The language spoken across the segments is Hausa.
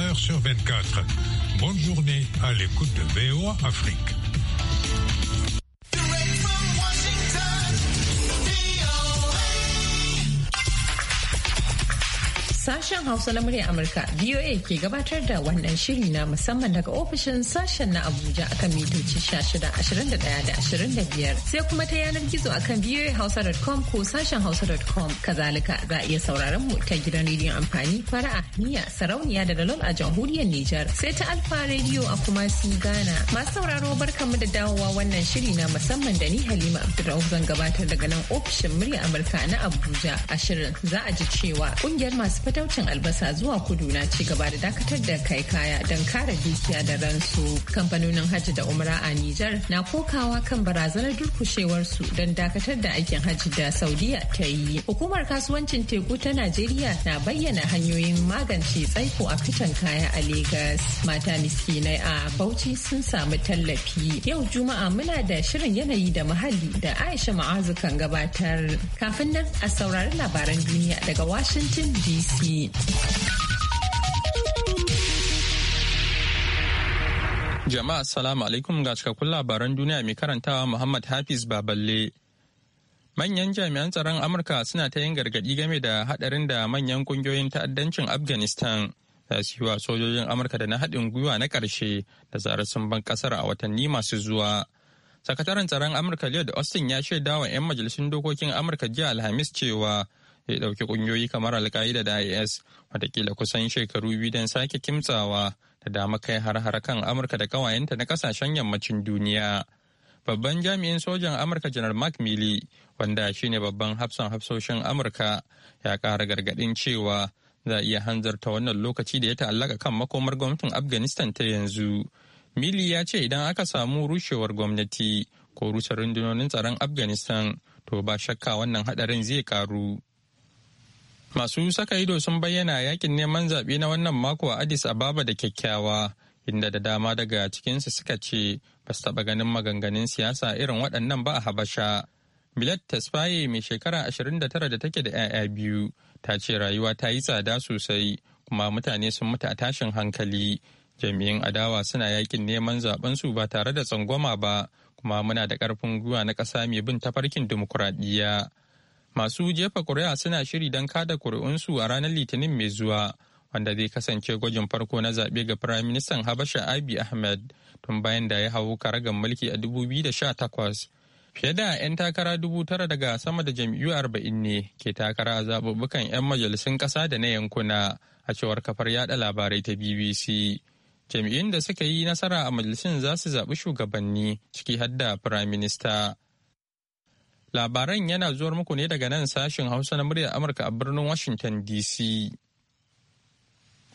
heures sur 24. Bonne journée à l'écoute de VOA Afrique. Sashen Hausa na muryar Amurka VOA ke gabatar da wannan shiri na musamman daga ofishin sashen na Abuja akan mitoci 16 da 25 sai kuma ta yanar gizo akan voahausa.com ko sashen hausa.com. Kazalika za a iya sauraron mu ta gidan rediyon amfani fara'a niya sarauniya da dalol a jamhuriyar Nijar sai ta alfa rediyo a kuma si gana Masu sauraro barkamu da dawowa wannan shiri na musamman da ni Halima Abdulrahman zan gabatar daga nan ofishin muryar Amurka na Abuja a shirin za a ji cewa kungiyar masu fataucin albasa zuwa kudu na ci gaba da dakatar da kai kaya don kare dukiya da ransu kamfanonin hajji da umra a Nijar na kokawa kan barazanar durkushewarsu don dakatar da aikin hajji da Saudiya ta yi. Hukumar kasuwancin teku ta Najeriya na bayyana hanyoyin magance tsaiko a fitan kaya a Legas. Mata miskinai a Bauchi sun samu tallafi. Yau Juma'a muna da shirin yanayi da muhalli da Aisha Ma'azu kan gabatar. Kafin nan a saurari labaran duniya daga Washington DC. ciki. Jama'a salamu alaikum ga cikakkun labaran duniya mai karantawa Muhammad Hafiz Baballe. Manyan jami'an tsaron Amurka suna ta yin gargaɗi game da haɗarin da manyan ƙungiyoyin ta'addancin Afghanistan za su sojojin Amurka da na haɗin gwiwa na ƙarshe da zarar sun ban ƙasar a watanni masu zuwa. Sakataren tsaron Amurka Lloyd Austin ya shaida wa 'yan majalisun dokokin Amurka jiya Alhamis cewa zai ɗauki ƙungiyoyi kamar alka'ida da is watakila kusan shekaru biyu don sake kimtsawa da dama kai har-har kan amurka da kawayenta na ƙasashen yammacin duniya babban jami'in sojan amurka janar mark milley wanda shine babban hafsan hafsoshin amurka ya kara gargaɗin cewa za a iya hanzarta wannan lokaci da ya ta'allaka kan makomar gwamnatin afghanistan ta yanzu mili ya ce idan aka samu rushewar gwamnati ko rusa rundunonin tsaron afghanistan to ba shakka wannan hadarin zai karu Masu saka ido sun bayyana yakin neman zaɓe na wannan mako a Addis Ababa da kyakkyawa, inda da dama daga cikinsu suka ce ba su taɓa ganin maganganun siyasa irin waɗannan ba a Habasha. Milet Tasfaye mai shekara 29 da take da 'ya'ya biyu ta ce rayuwa ta yi tsada sosai kuma mutane sun mutu a tashin hankali. Jami'in adawa suna yakin neman su ba tare da tsangwama ba kuma muna da ƙarfin gwiwa na ƙasa mai bin tafarkin dimokuraɗiyya. Masu jefa ƙuri'a suna shiri don kada ƙuri'unsu a ranar Litinin mai zuwa, wanda zai kasance gwajin farko na zaɓe ga Firaministan Habasha Abiy Ahmed tun bayan da ya hau karagar mulki a 2018. Fiye da 'yan takara dubu tara daga sama da jam'iyyu arba'in ne ke takara a zaɓuɓɓukan 'yan majalisun ƙasa da na yankuna a cewar kafar yaɗa labarai ta BBC. Jam'iyyun da suka yi nasara a majalisun za su zaɓi shugabanni ciki har da Firaminista. Labaran yana zuwar muku ne daga nan sashin Hausa na muryar Amurka a birnin Washington DC.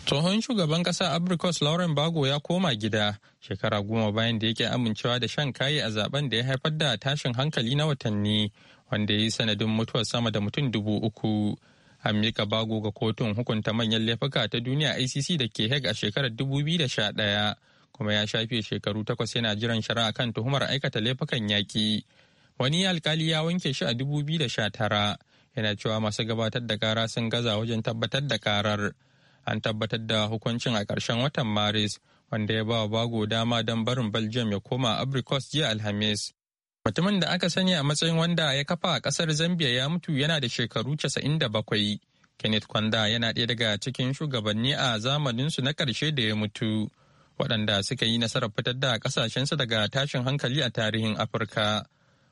Tsohon shugaban ƙasa Abrikos Lauren Bago ya koma gida shekara goma bayan da yake amincewa da shan kayi a zaben da ya haifar da tashin hankali na watanni wanda ya yi sanadin mutuwar sama da mutum dubu uku. An mika Bago ga kotun hukunta manyan laifuka ta duniya ICC da ke heg a shekarar 2011 kuma ya shafe shekaru takwas yana jiran shari'a kan tuhumar aikata laifukan yaƙi wani alkali ya wanke shi a 2019 yana cewa masu gabatar da kara sun gaza wajen tabbatar da karar an tabbatar da hukuncin a ƙarshen watan maris wanda ya ba wa bago dama don barin belgium ya koma abricos jiya alhamis mutumin da aka sani a matsayin wanda ya kafa a ƙasar zambia ya mutu yana da shekaru 97 kenneth kwanda yana ɗaya daga cikin shugabanni a zamaninsu na ƙarshe da ya mutu waɗanda suka yi nasarar fitar da ƙasashensu daga tashin hankali a tarihin afirka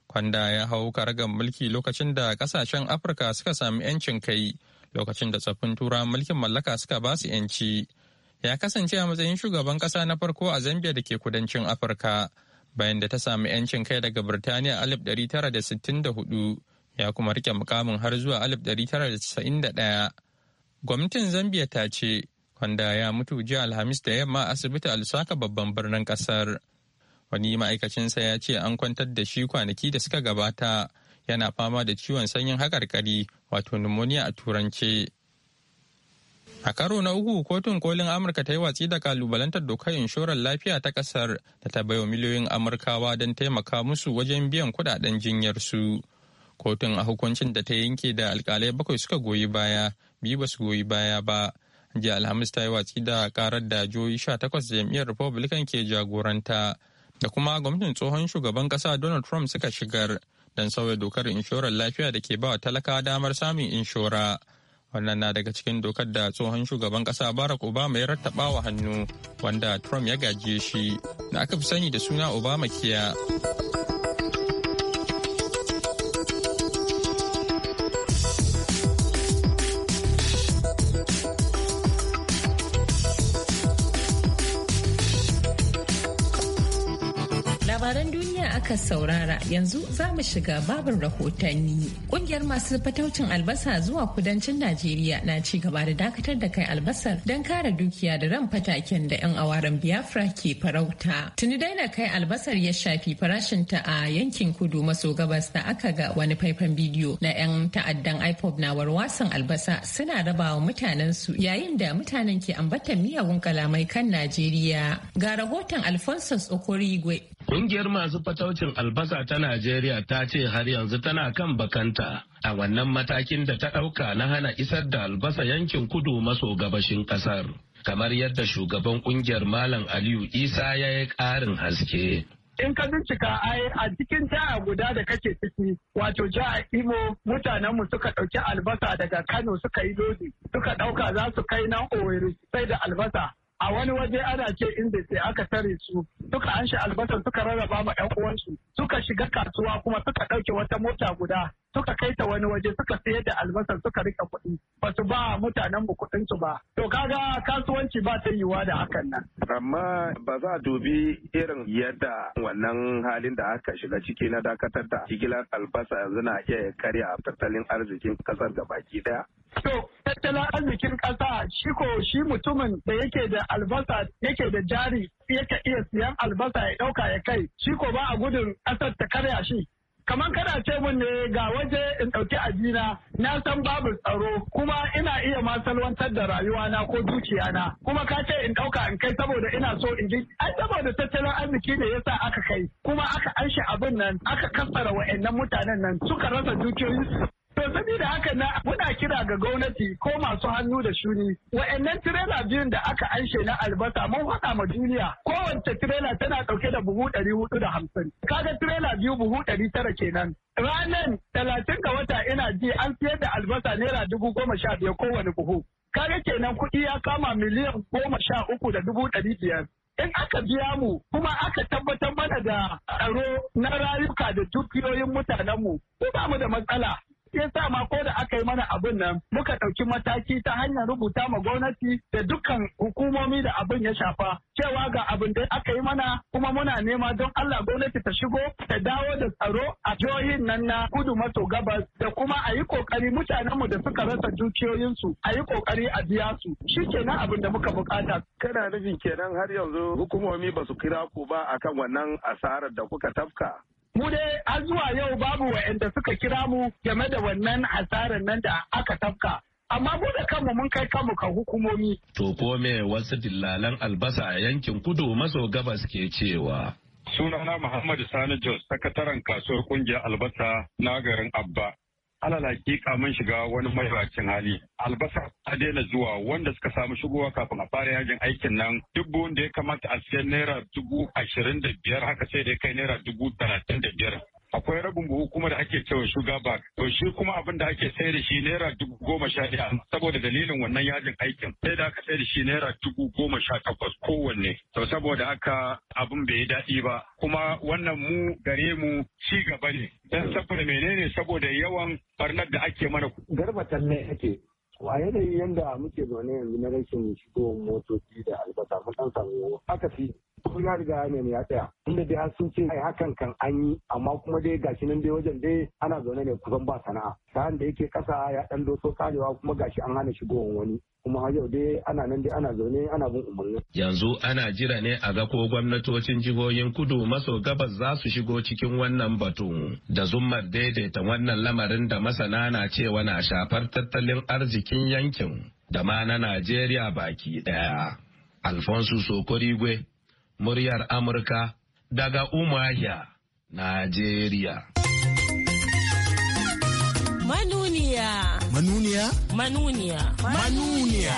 Kwanda ya hau karagar mulki lokacin da kasashen Afirka suka sami 'yancin kai lokacin da tsaffin tura mulkin mallaka suka ba su 'yanci. Ya kasance a matsayin shugaban kasa na farko a Zambia da ke kudancin Afirka bayan da ta sami 'yancin kai daga Birtaniya 1964 ya kuma rike mukamin har zuwa 1991. Gwamnatin Zambia ta ce, Kwanda ya mutu jiya Alhamis da yamma a asibiti alsaka babban birnin kasar. wani ma'aikacinsa ya ce an kwantar da shi kwanaki da suka gabata yana fama da ciwon sanyin haƙarƙari wato pneumonia a turance a karo na uku kotun kolin amurka ta yi watsi da kalubalantar dokar inshorar lafiya ta ƙasar da ta baiwa miliyoyin amurkawa don taimaka musu wajen biyan kudaden jinyar su kotun a hukuncin da ta yanke da alkalai bakwai suka goyi baya biyu basu goyi baya ba jiya alhamis ta yi watsi da karar da jihohi sha takwas jam'iyyar republican ke jagoranta da kuma gwamnatin tsohon shugaban kasa Donald Trump suka shigar don sauya dokar inshorar lafiya da ke ba wa talaka damar samun inshora. Wannan na daga cikin dokar da tsohon shugaban kasa Barack Obama ya rattaba wa hannu wanda Trump ya gaje shi da aka fi sani da suna Obama kiya. aka saurara yanzu za mu shiga babin rahotanni. Kungiyar masu fataucin albasa zuwa kudancin Najeriya na ci gaba da dakatar da kai albasar don kare dukiya da ran fataken da 'yan awaren Biafra ke farauta. Tuni daina kai albasar ya shafi farashinta a yankin kudu maso gabas da aka ga wani faifan bidiyo na 'yan ta'addan IPOB na warwasan albasa suna rabawa su yayin da mutanen ke ambatan miyagun kalamai kan Najeriya. Ga rahoton Alphonsus Okorigwe Ƙungiyar masu fataucin albasa ta Najeriya ta ce har yanzu tana kan bakanta a wannan matakin da ta ɗauka na hana isar da albasa yankin kudu maso gabashin ƙasar. Kamar yadda shugaban ƙungiyar Malam Aliyu Isa ya yi ƙarin haske. in ka bincika a cikin jiha guda da kake ciki wato jiha imo mu suka ɗauki albasa daga kano suka yi lodi suka ɗauka za su kai nan owerri sai da albasa a wani waje ana ce inda sai aka tare su suka an shi albasan suka rarraba ma yan uwansu suka shiga kasuwa kuma suka ɗauke wata mota guda suka kai ta wani waje suka sayar da albasan suka rika kuɗi ba su ba mutanen mu kuɗin su ba to kaga kasuwanci ba ta yiwa da hakan nan amma ba za a dubi irin yadda wannan halin da aka shiga ciki na dakatar da jigilar albasa yanzu na iya karya tattalin arzikin kasar gabaki baki daya To tattalin arzikin ƙasa shi ko shi mutumin da yake da albasa yake da jari yake iya siyan albasa ya ɗauka ya kai shi ko ba a gudun ƙasar ta karya shi. Kamar kana ce mun ne ga waje in ɗauki ajina na san babu tsaro kuma ina iya masalwantar salwantar da rayuwana ko dukiyana kuma ka ce in ɗauka in kai saboda ina so in ji ai saboda tattalin arziki ne yasa aka kai kuma aka anshi abin nan aka kassara wa'annan mutanen nan suka rasa dukiyoyinsu To saboda haka na muna kira ga gwamnati ko masu hannu da shuni wa'annan tirela biyun da aka anshe na albasa mun haɗa ma duniya kowace tirela tana ɗauke da buhu ɗari hudu da hamsin. Kaga tirela biyu buhu ɗari tara kenan. Ranan talatin ga wata ina ji an siyar da albasa naira dubu goma sha biyar kowane buhu. Kaga kenan kuɗi ya kama miliyan goma sha uku da dubu ɗari biyar. in aka biya mu kuma aka tabbatar mana da tsaro na rayuka da dukiyoyin mutanenmu ko ba mu da matsala yasa ma ko da aka yi mana abin nan muka ɗauki mataki ta hanyar rubuta ma gwamnati da dukkan hukumomi da abin ya shafa cewa ga abin da aka yi mana kuma muna nema don Allah gwamnati ta shigo ta dawo da tsaro a jihohin nan na kudu maso gabas da kuma a yi kokari mutanenmu da suka rasa dukiyoyinsu a yi kokari a biya su shi kenan abin da muka bukata. Kana nufin kenan har yanzu hukumomi ba su kira ku ba akan wannan asarar da kuka tafka. mu dai har zuwa yau babu wa'anda suka kira mu game da wannan asarar nan da aka tafka amma mu da kanmu mun kai kanmu ka hukumomi. To ko me wasu dillalan albasa a yankin kudu maso gabas ke cewa. Sunana Muhammadu Sani Jos, sakataren kasuwar kungiyar albasa na garin Abba. alal hakika mun shiga wani maibacin hali albasa a daina zuwa wanda suka samu shigowa kafin a fara yajin aikin nan duk da ya kamata a siyan naira dubu ashirin da biyar haka sai da kai naira dubu talatin da biyar akwai rabin buhu kuma da ake cewa shuga bar to shi kuma abin da ake sayar da shi naira dubu goma sha ɗaya saboda dalilin wannan yajin aikin sai da aka sayar da shi naira dubu goma sha takwas kowanne to saboda haka abin bai yi daɗi ba kuma wannan mu gare mu ci gaba ne dan saboda menene saboda yawan barnar da ake mana garbatan ne ake a yanayin yanda muke zaune yanzu na rashin shigowar motoci da albasa mun samu aka fi kuma ya riga ne ya tsaya inda dai har sun ce ai hakan kan an yi amma kuma dai gashi nan dai wajen dai ana zaune ne kusan ba sana'a sa'an da yake kasa ya dan doso karewa kuma gashi an hana shigowan wani kuma har yau dai ana nan dai ana zaune ana bin umarni. Yanzu ana jira ne a ga ko gwamnatocin jihohin kudu maso gabas za su shigo cikin wannan batu da zummar daidaita wannan lamarin da masana na cewa na shafar tattalin arzikin yankin da ma na Najeriya baki daya. Alfonso Sokorigwe muryar Amurka daga Umahia, Najeriya. Manuniya. Manuniya? Manuniya. Manuniya.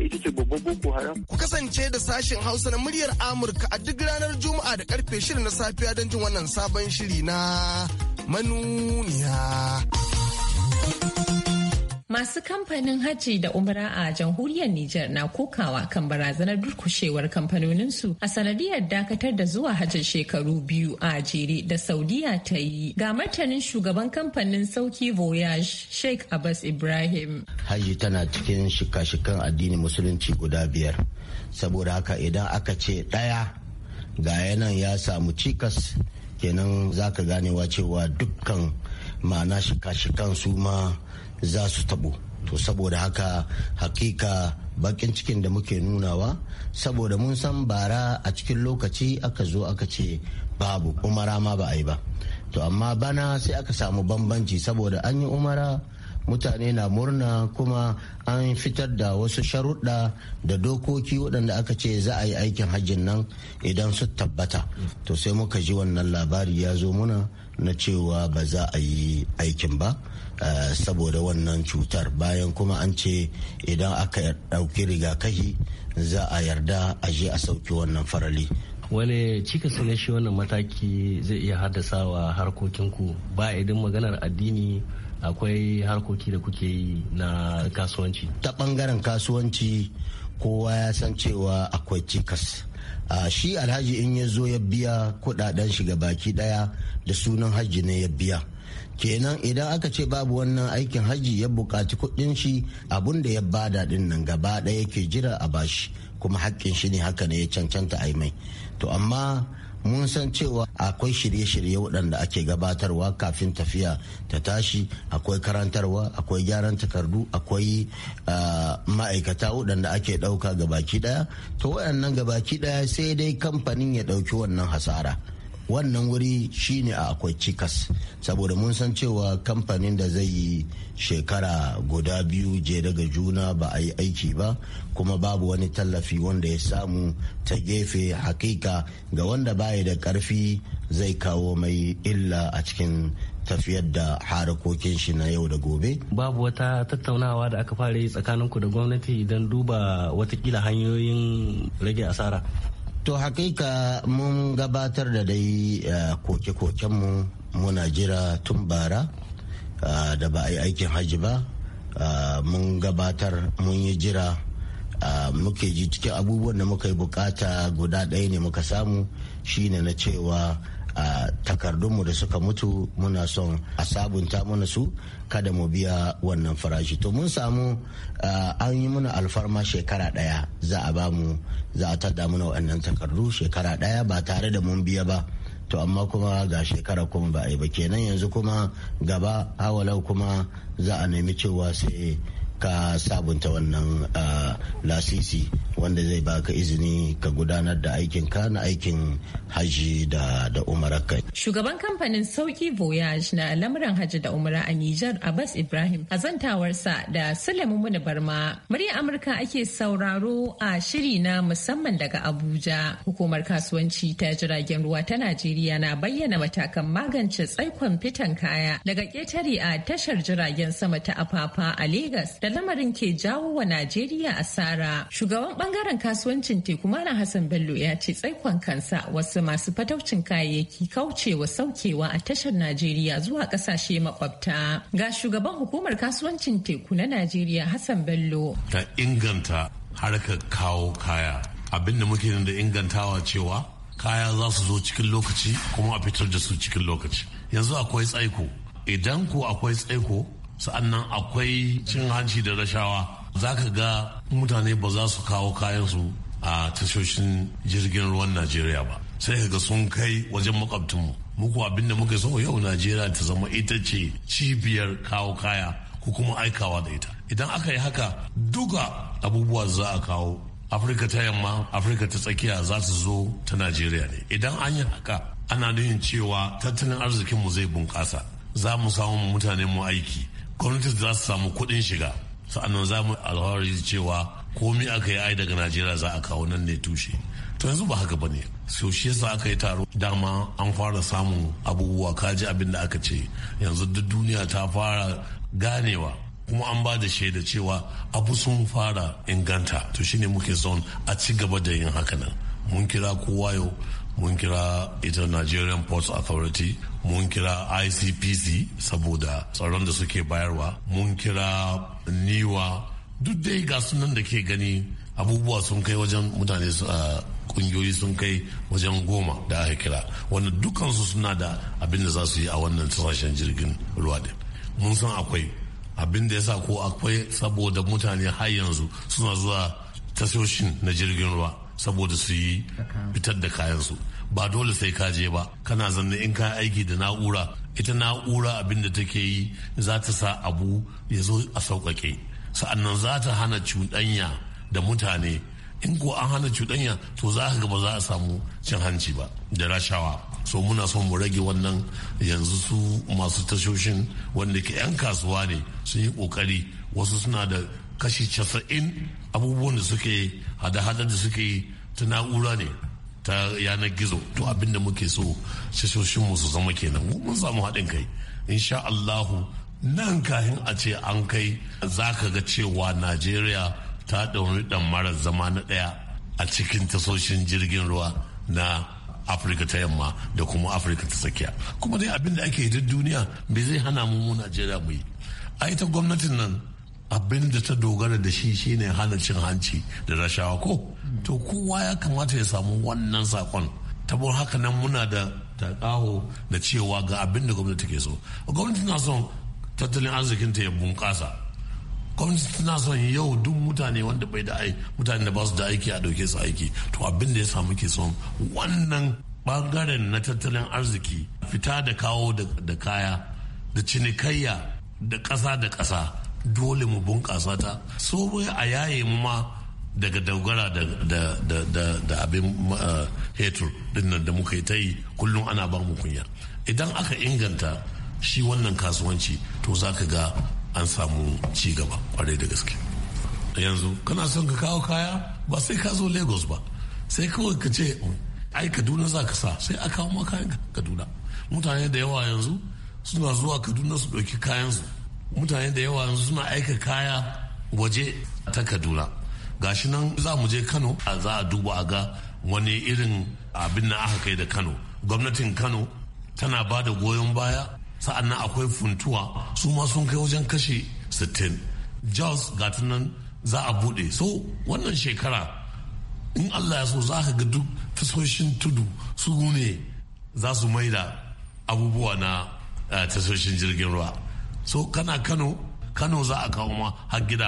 ita ce babban boko haram. Ku kasance da sashen Hausa na muryar Amurka a duk ranar Juma'a da karfe shirin na safiya don jin wannan sabon shiri na manuniya. Masu kamfanin hajji da umra a jamhuriyar Nijar na kokawa kan barazanar durkushewar kamfanoninsu a sanadiyar dakatar da zuwa hajjin shekaru biyu a jere da Saudiya ta yi. Ga martanin shugaban kamfanin sauki Voyage Sheikh Abbas Ibrahim. Hajji tana cikin shika-shikan addinin musulunci guda biyar. Saboda haka idan aka ce ɗaya ga yanan ya samu cikas kenan zaka ka ganewa cewa dukkan ma'ana shika-shikan su ma za su tabo to saboda haka hakika bakin cikin da muke nunawa saboda mun san bara a cikin lokaci aka zo aka ce babu umara ma ba a yi ba to amma bana sai aka samu bambanci saboda an yi umara mutane na murna kuma an fitar da wasu sharuɗa da dokoki waɗanda aka ce za a yi aikin hajjin nan idan su tabbata to sai muka ji wannan labari ya zo muna na cewa ba za a yi aikin ba Eh, saboda wannan cutar bayan kuma an ce idan aka ɗauki rigakafi za a yarda a je a sauki wannan farali wani cikas ne shi wannan mataki zai iya haddasa wa harkokinku ba idan maganar addini akwai harkoki da kuke yi na kasuwanci ta bangaren kasuwanci kowa ya san cewa akwai cikas a shi alhaji in ya zo ya biya kudaden shiga baki daya da sunan hajji ne ya biya kenan idan aka ce babu wannan aikin hajji ya bukaci kuɗin shi abun da ya bada din nan gaba ɗaya yake jira a bashi kuma haƙƙin shi ne haka ne ya cancanta a mai to amma mun san cewa akwai shirye-shirye waɗanda ake gabatarwa kafin tafiya ta tashi akwai karantarwa akwai gyaran takardu akwai ma'aikata waɗanda ake ɗauka gabaki ɗaya to waɗannan gabaki ɗaya sai dai kamfanin ya ɗauki wannan hasara wannan wuri shine a akwai cikas saboda mun san cewa kamfanin da zai yi shekara guda biyu je daga juna ba a yi aiki ba kuma babu wani tallafi wanda ya samu ta gefe hakika ga wanda baya da karfi zai kawo mai illa a cikin tafiyar da harakokin shi na yau da gobe. Babu wata tattaunawa da aka fara yi tsakaninku da gwamnati don duba watakila hanyoyin rage asara. To hakika mun gabatar da dai eh, koke-kokenmu muna jira tun bara eh, da ba a yi aikin hajji ba eh, mun gabatar mun yi jira muke ji cikin abubuwan da muka yi bukata guda ɗaya ne muka samu shine na cewa a takardunmu da suka mutu muna son a sabunta mana su kada mu biya wannan farashi to mun samu an yi muna alfarma shekara daya za a ba mu za a tada mana waɗannan takardu shekara daya ba tare da mun biya ba to amma kuma ga shekara kuma ba a yi ba kenan yanzu kuma gaba hawalau kuma za a nemi cewa sai ka sabunta wannan ah, lasisi wanda zai baka izini ka gudanar da aikin ka na aikin hajji da umara umaraka. Shugaban kamfanin Sauki Voyage na lamuran hajji da umara a Nijar Abbas Ibrahim a zantawarsa da Sulaiman Muni Barma. Murya Amurka ake sauraro a shiri na musamman daga Abuja. Hukumar kasuwanci ta jiragen ruwa ta Najeriya na bayyana matakan magance tsaikon fitan kaya daga ketare a tashar jiragen sama ta Apapa a Legas da lamarin ke jawo wa Najeriya asara. Shugaban bangaren kasuwancin teku Malam Hassan Bello ya ce tsaikon kansa wasu masu fataucin kayayyaki kaucewa saukewa a tashar Najeriya zuwa kasashe makwabta. Ga shugaban hukumar kasuwancin teku na Najeriya Hassan Bello. Ta inganta harkar kawo kaya. Abin da muke da ingantawa cewa kaya za su zo cikin lokaci kuma a fitar da su cikin lokaci. Yanzu akwai tsaiko. Idan ku akwai tsaiko sa'annan akwai cin hanci da rashawa za ka ga mutane ba za su kawo kayansu a tashoshin jirgin ruwan najeriya ba sai ka ga sun kai wajen makwabtinmu muku abin da muka so yau najeriya ta zama ita ce cibiyar kawo kaya ko kuma aikawa da ita idan aka yi haka duka abubuwa za a kawo afirka ta yamma afirka ta tsakiya za su zo ta najeriya ne idan an yi haka ana nuhin cewa tattalin arzikinmu zai bunƙasa za mu samu mutane mu aiki gwamnatin za su samu kuɗin shiga sa'annan za mu alhawari cewa komi aka yi ai daga najeriya za a kawo nan ne tushe to yanzu ba haka bane so shi yasa aka yi taro dama an fara samun abubuwa kaji abin da aka ce yanzu duk duniya ta fara ganewa kuma an ba da shaida cewa abu sun fara inganta to shine muke son a ci gaba da yin haka nan mun kira kowa yau mun kira ita nigerian ports authority mun kira icpc saboda tsaron da suke bayarwa mun kira niwa duk dai ga sunan da ke gani abubuwa sun kai wajen mutane ah, kungiyoyi sun kai wajen goma da aka kira wanda dukansu suna da abin da za su yi a wannan sashen jirgin ruwa din mun san akwai abin da ya sa ko akwai saboda mutane har yanzu suna zuwa tasoshin na jirgin ruwa saboda su yi fitar da kayansu ba dole sai ka je ba kana zanne in ka aiki da na'ura ita na'ura abin da take yi za ta sa abu ya zo a sauƙaƙe sa'annan za ta hana cuɗanya da mutane in ko an hana cuɗanya to za ka ga ba za a samu cin hanci ba da rashawa so muna son mu rage wannan yanzu su masu tashoshin wanda ke 'yan kasuwa ne sun yi ƙoƙari wasu suna da kashi casa'in abubuwan da suke hada-hadar da suke ta na'ura ne ta yanar gizo to abinda muke so shashoshinmu su zama kenan mun samu haɗin kai insha Allahu nan kahin a ce an kai za ka ga cewa Najeriya ta ɗauri ɗan mara zama na ɗaya a cikin tasoshin jirgin ruwa na afirka ta yamma da kuma afirka ta tsakiya kuma dai abin da ake yi duk duniya bai zai hana mu mu najeriya mu yi a ita gwamnatin nan abin da ta dogara da shi shine hana cin hanci da rashawa ko to kowa ya kamata ya samu wannan sakon tabon haka nan muna da kaho da cewa ga abin da gwamnati ke so gwamnati na son tattalin arzikinta ya bunƙasa gwamnati tana son yau duk mutane wanda bai da aiki mutane da ba su da aiki a dauke su aiki to abin da ya samu ke son wannan bangaren na tattalin arziki fita da kawo da kaya da cinikayya da ƙasa da ƙasa dole mu bunƙasa ta so a yaye mu ma daga dogara da abin hetur eh, dinnan da muka yi ta yi kullum ana ba mu kunya idan aka inganta shi wannan kasuwanci to za ka ga an samu ci gaba kwarai da gaske yanzu kana son ka kawo kaya ba sai ka zo lagos ba sai kawai ka ce ai kaduna za ka sa sai a kawo ma kayan kaduna mutane da yawa yanzu suna zuwa kaduna su ɗauki kayansu mutane da yawa yanzu suna aika kaya waje ta kaduna gashi nan za mu je kano a za a duba a ga wani irin abin na aka kai da kano gwamnatin kano tana ba da goyon baya sa'an nan akwai funtuwa su ma sun kai wajen kashe 60 jos gata nan za a bude so wannan shekara in allah ya so za ka ga duk tasoshin tudu su ne za su maida abubuwa na eh, tasoshin jirgin ruwa so kana kano kano za a kawo ma har gida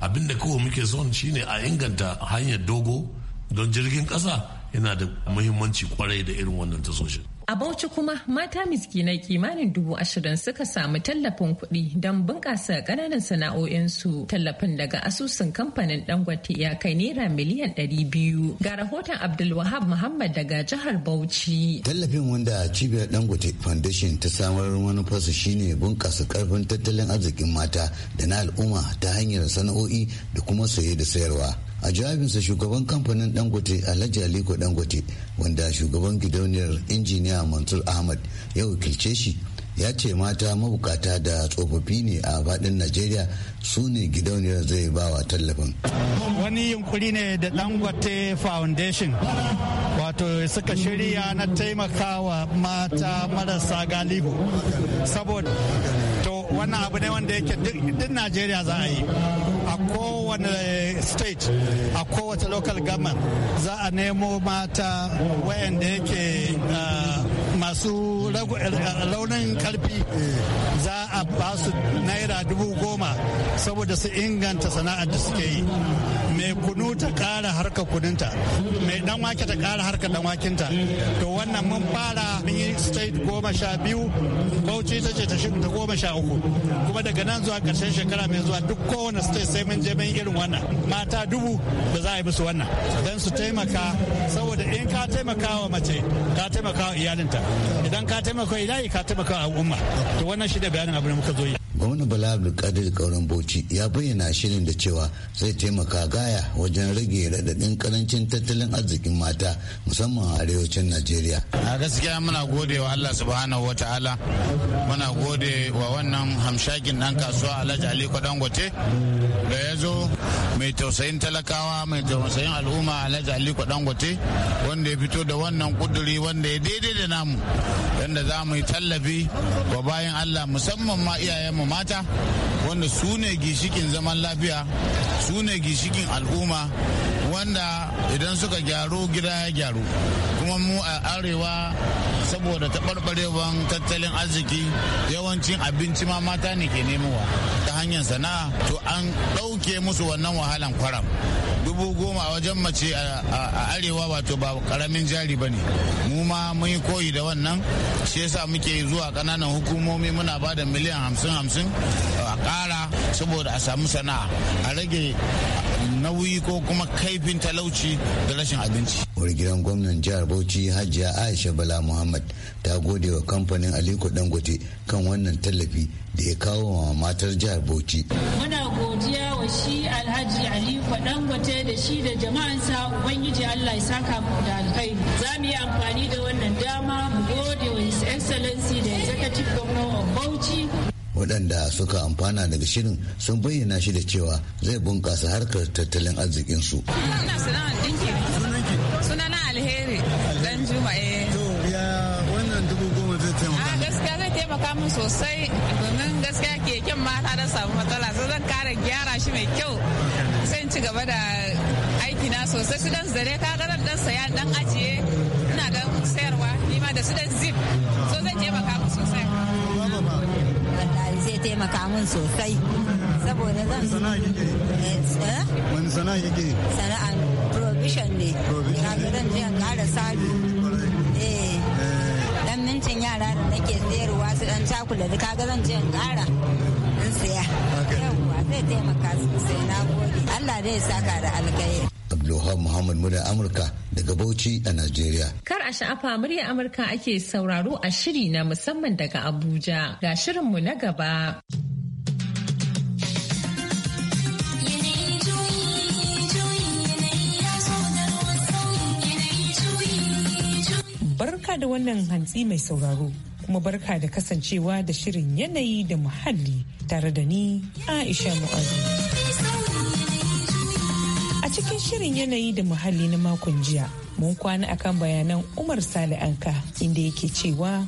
abinda kawai muke son shine a inganta hanyar dogo don jirgin kasa yana da muhimmanci kwarai da irin wannan tasoshin A Bauchi kuma mata miskinai kimanin dubu ashirin suka samu tallafin kuɗi don bunƙasa ƙananan sana'o'insu. Tallafin daga asusun kamfanin Dangote ya kai naira miliyan ɗari biyu. Ga rahoton Abdulwahab Muhammad daga jihar Bauchi. Tallafin wanda cibiyar Dangote Foundation ta samar manufarsa shine bunƙasa ƙarfin tattalin arzikin mata da na al'umma ta hanyar sana'o'i da kuma saye da sayarwa. a jawabinsa shugaban kamfanin dangote alhaji aliko dangote wanda shugaban gidauniyar injiniya mansur ahmad ya wakilce shi ya ce mata mabukata da tsofaffi ne a faɗin najeriya su ne gidauniyar zai ba wa tallafin wani yunkuri ne da dangote foundation wato suka shirya na taimakawa mata marasa galibu saboda wannan abu ne wanda yake duk najeriya za a yi a kowane state a kowace local government za a nemo mata wayanda yake ah, masu launin karfi za a ba su naira dubu goma saboda su inganta sana'ar da suke yi mai kunu ta ƙara harka kudinta mai dan wake ta ƙara harka dan wakinta to wannan mun fara mun yi state goma sha biyu bauchi ta ce ta goma sha uku kuma daga nan zuwa karshen shekara mai zuwa duk kowane state sai mun je mun irin wannan mata dubu da za a yi musu wannan dan su taimaka saboda in ka taimaka wa mace ka taimaka wa iyalinta idan ka taimaka wa iyali ka taimaka wa al'umma to wannan shi da bayanin abu abu da gwamnan bala kadir kauran bauchi ya bayyana shirin da cewa zai taimaka gaya wajen rage radadin karancin tattalin arzikin mata musamman a arewacin najeriya a gaskiya muna gode wa allah subhanahu wa ta'ala muna gode wa wannan hamshakin dan kasuwa alhaji aliko dangote da ya zo mai tausayin talakawa mai tausayin al'umma alhaji aliko dangote wanda ya fito da wannan kuduri wanda ya daidai da namu yadda za mu yi tallafi wa bayan allah musamman ma iyayen mu. mata wanda su ne gishikin zaman lafiya su ne gishikin al'umma wanda idan suka gyaru gida ya gyaru kuma mu a arewa saboda taɓarɓarewan tattalin arziki yawancin abinci ma mata ne ke nemowa ta hanyar sana'a to an ɗauke musu wannan wahalan kwaram dubu goma a wajen mace a arewa wato ba karamin jari ba ne mu ma mun yi koyi da wannan shi yasa muke zuwa ƙananan hukumomi muna ba da miliyan hamsin hamsin a ƙara saboda a samu sana'a a rage nauyi ko kuma kaifin talauci da rashin abinci. Wani gidan gwamnan jihar Bauchi Hajiya Aisha Bala Muhammad ta gode wa kamfanin Aliko Dangote kan wannan tallafi da ya kawo wa matar jihar Bauchi. Muna godiya wa shi Alhaji Aliko Dangote da shi da jama'ansa Ubangiji Allah ya saka mu da alkhairi. Za mu yi amfani da wannan dama mu gode wa His Excellency da Executive Governor waɗanda suka amfana daga shirin sun bayyana shi da cewa zai bunƙasa harkar tattalin arzikinsu. Sunana alheri dan juma'a. Eh. wannan dubu goma zai taimaka. Ah, gaskiya zai taimaka min sosai domin gaskiya keken mata da samu matsala sai zan kara gyara shi mai kyau sai ci gaba da aiki na sosai su dan zare ka ga dan saya dan ajiye ina dan sayarwa nima da su dan zip so zan taimaka min sosai. taimaka min sosai saboda zan sana'a kike wani sana'a kike eh, eh? sana'a provision ne kaga zan je in ƙara sabi eh. dan mintin yara da nake sayarwa su dan cakula da kaga zan je in ƙara in siya yawwa zai taimaka sosai na gode Allah zai saka da alkai Abdulwahab Muhammad murya Amurka daga Bauchi a Najeriya. Kar a sha'afa murya Amurka ake sauraro a shiri na musamman daga Abuja. Ga shirinmu na gaba. Barka da wannan hantsi mai sauraro. kuma barka da kasancewa da shirin yanayi da muhalli tare da ni Aisha Mu'azu. cikin shirin yanayi da muhalli na makon jiya mun kwana akan bayanan umar sale anka inda yake cewa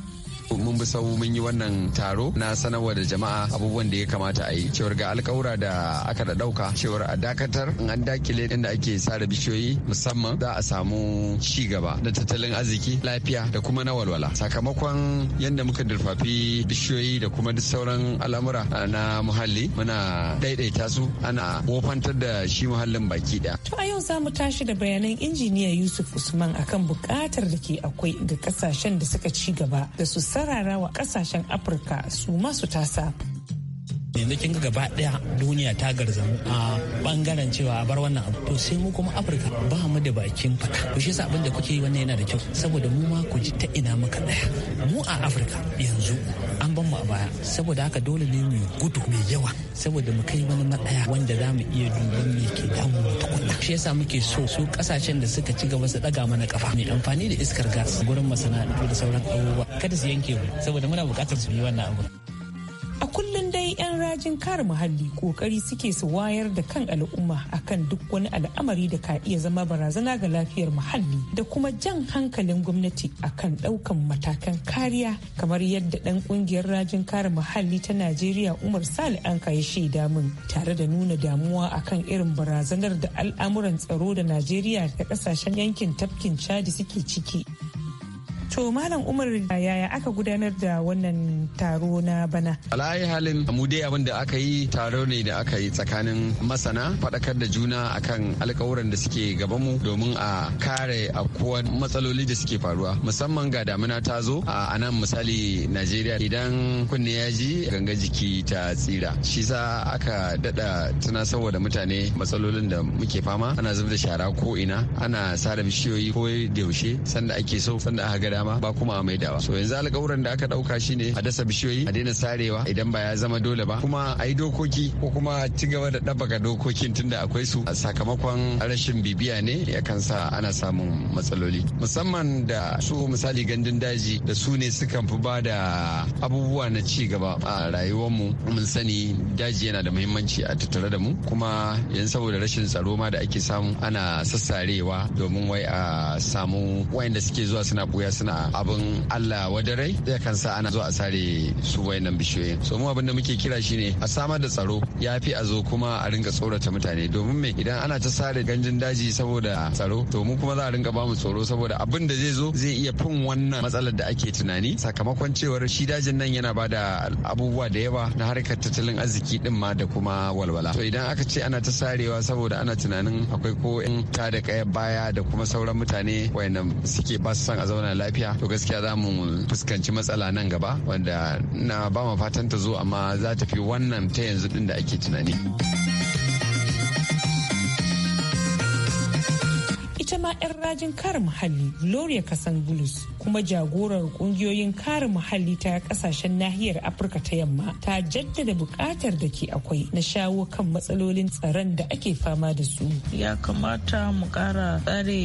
mun bi sau mun yi wannan taro na sanarwa da jama'a abubuwan da ya kamata a yi cewar ga alkawura da aka da dauka cewar a dakatar in an dakile inda ake sare bishiyoyi musamman za a samu ci gaba da tattalin arziki lafiya da kuma na walwala sakamakon yadda muka durfafi bishiyoyi da kuma duk sauran al'amura na muhalli muna daidaita su ana wofantar da shi muhallin baki daya to a yau za mu tashi da bayanan injiniya yusuf usman akan bukatar da ke akwai ga kasashen da suka ci gaba da su sa rarrawa kasashen afirka su masu tasa yanzu kin ga gaba daya duniya ta garzamu a bangaren cewa a bar wannan abu to sai mu kuma afirka ba mu da bakin fata ku shi abin da kuke yi wannan yana da kyau saboda mu ma ku ji ta ina muka daya mu a afirka yanzu an ban mu a baya saboda haka dole ne mu gudu mai yawa saboda mu kai wani matsaya wanda za mu iya duban me ke damu mu tukunna shi yasa muke so su kasashen da suka ci gaba su daga mana kafa mai amfani da iskar gas gurin masana'antu da sauran abubuwa kada su yanke mu saboda muna bukatar su yi wannan abu a kullum dai 'yan rajin kare muhalli kokari suke su wayar da kan al'umma akan duk wani al'amari da ka iya zama barazana ga lafiyar muhalli da kuma jan hankalin gwamnati akan ɗaukan matakan kariya kamar yadda ɗan ƙungiyar rajin kare muhalli ta najeriya umar sali an ya shaida min tare da nuna damuwa akan irin barazanar da al'amuran tsaro da najeriya da kasashen yankin tafkin chadi suke ciki To Malam Umar yaya aka gudanar da wannan taro na bana? Alayi halin mu dai abin da aka yi taro ne da aka yi tsakanin masana faɗakar da juna akan alkawuran da suke gaban mu. domin a kare afkuwar matsaloli da suke faruwa musamman ga damina ta zo a anan misali Najeriya idan kunne ya ji ganga jiki ta tsira shi sa aka daɗa tuna saboda mutane matsalolin da muke fama ana zubar shara ko ina ana sare bishiyoyi ko da yaushe sanda ake so sanda aka ga dama ba kuma a ba. so yanzu alƙawuran da aka ɗauka shi ne. a dasa bishiyoyi a daina sarewa idan ba ya zama dole ba kuma a yi dokoki ko kuma ci gaba da ɗabbaga dokokin tunda akwai su sakamakon rashin bibiya ne kan sa ana samun matsaloli musamman da su misali gandun daji da su ne sukan fi ba da abubuwa na ci gaba a rayuwarmu mun sani daji yana da muhimmanci a tattare da mu kuma yanzu saboda rashin tsaro ma da ake samu ana sassarewa domin wai a samu wayanda suke zuwa suna buya suna wannan abin Allah wadarai zai kan sa ana zo a sare su wayannan bishiyoyin so mu abin da muke kira shine a samar da tsaro ya fi a zo kuma a rinka tsorata mutane domin me idan ana ta sare ganjin daji saboda tsaro to mu kuma za a rinka bamu tsoro saboda abin da zai zo zai iya fin wannan matsalar da ake tunani sakamakon cewar shi dajin nan yana bada abubuwa da yawa na harkar tattalin arziki din ma da kuma walwala to idan aka ce ana ta sarewa saboda ana tunanin akwai ko in ta da kaya baya da kuma sauran mutane wayannan suke ba su son a zauna lafiya lafiya to gaskiya za mu fuskanci matsala nan gaba wanda na ba mu fatan ta zo amma za ta fi wannan ta yanzu din da ake tunani. ita ma 'yan rajin kare muhalli gloria kasangulus kuma jagorar kungiyoyin kare muhalli ta kasashen nahiyar afirka ta yamma ta jaddada bukatar da ke akwai na shawo kan matsalolin tsaron da ake fama da su ya kamata mu kara tsare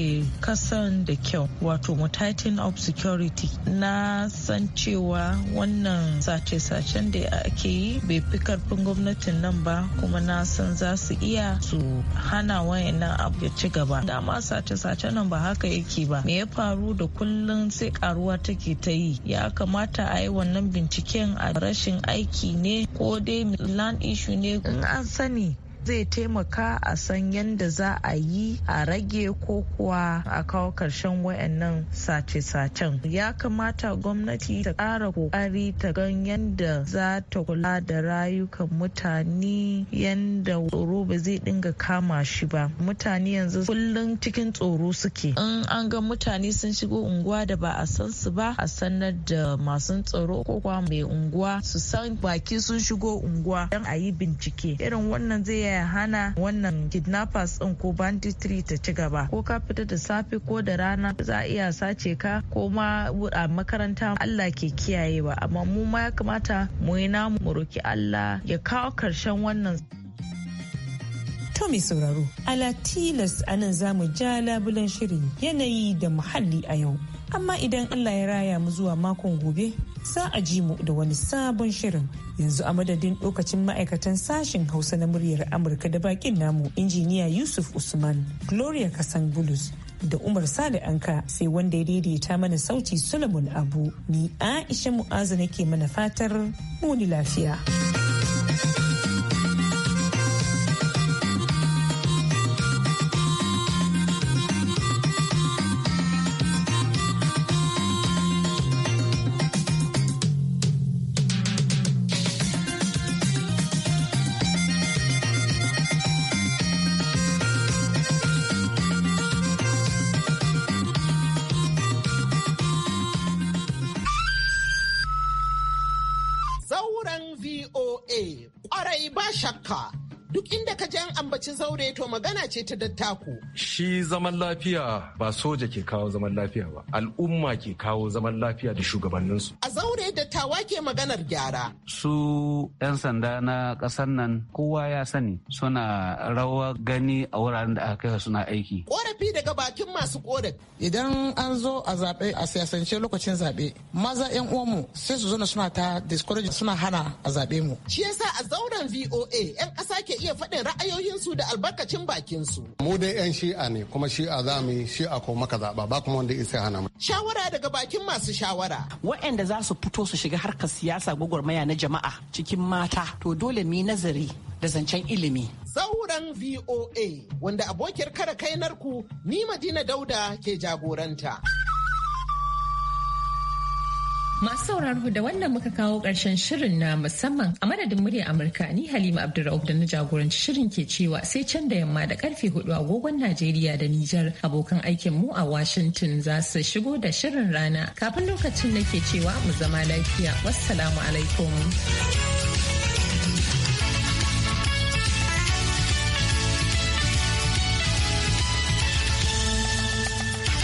kasan da kyau wato mu tighten up security na san cewa wannan sace-sacen da ake yi bai fi karfin gwamnatin nan ba kuma na san za su iya su hana wayannan abu ya ci gaba dama sace sace nan ba haka yake ba me ya faru da kullum sai karuwa take ta yi ya kamata a yi wannan binciken a rashin aiki ne ko dai land issue ne in an sani zai taimaka a san yadda za a yi a rage ko kuwa a kawo karshen wayannan sace-sacen ya kamata gwamnati ta ƙara ƙoƙari ta gan yadda za ta kula da rayukan mutane yadda tsoro ba zai dinga kama shi ba mutane yanzu kullum cikin tsoro suke in an ga mutane sun shigo unguwa da ba a san su ba a sanar da masu tsaro ko kuwa mai unguwa su san baki sun shigo unguwa don a yi bincike irin wannan zai iya hana wannan kidnappers din ko banditry ta ci gaba ko ka fita da safe ko da rana za a iya sace ka ko ma a makaranta Allah ke kiyaye ba amma mu ma ya kamata mu yi namu mu roki Allah ya kawo karshen wannan To mai sauraro, ala tilas anan zamu ja labulan shirin yanayi da muhalli a yau. amma idan Allah ya raya mu zuwa makon gobe za a ji mu da wani sabon shirin yanzu a madadin lokacin ma'aikatan sashen hausa na muryar amurka da bakin namu injiniya yusuf usman gloria kasan bulus da umar sale anka sai wanda ya daidaita mana sauti solomon abu ni aisha mu'azu nake mana fatar muni lafiya. Eh to magana ce ta dattako. Shi zaman lafiya ba soja ke kawo zaman lafiya ba, al'umma ke kawo zaman lafiya da shugabanninsu. A zaure dattawa ke maganar gyara. Su 'yan sanda na ƙasar nan kowa ya sani suna rawa gani a wuraren da aka kai suna aiki. Korafi daga bakin masu korafi. Idan an zo a zaɓe a siyasance lokacin zaɓe maza 'yan uwanmu sai su zo suna suna hana a zaɓe mu. Shi yasa a zauren VOA 'yan ƙasa ke iya faɗin ra'ayoyinsu da albarka lokacin bakin su. Mu dai 'yan shi'a ne kuma shi'a za mu yi shi'a ko maka zaɓa ba kuma wanda isa hana mu. Shawara daga bakin masu shawara. Waɗanda za su fito su shiga harkar siyasa gwagwarmaya na jama'a cikin mata to dole mu nazari da zancen ilimi. Sauran VOA wanda abokiyar kare kainarku ku ni Madina Dauda ke jagoranta. Masu sauraro da wannan muka kawo ƙarshen shirin na musamman a madadin murya Amurka ni Halima Abdulrahman da na jagoranci shirin ke cewa sai can da yamma da karfe hudu agogon Najeriya da Nijar abokan aikin mu a Washington za su shigo da shirin rana kafin lokacin nake cewa mu zama lafiya wassalamu alaikum.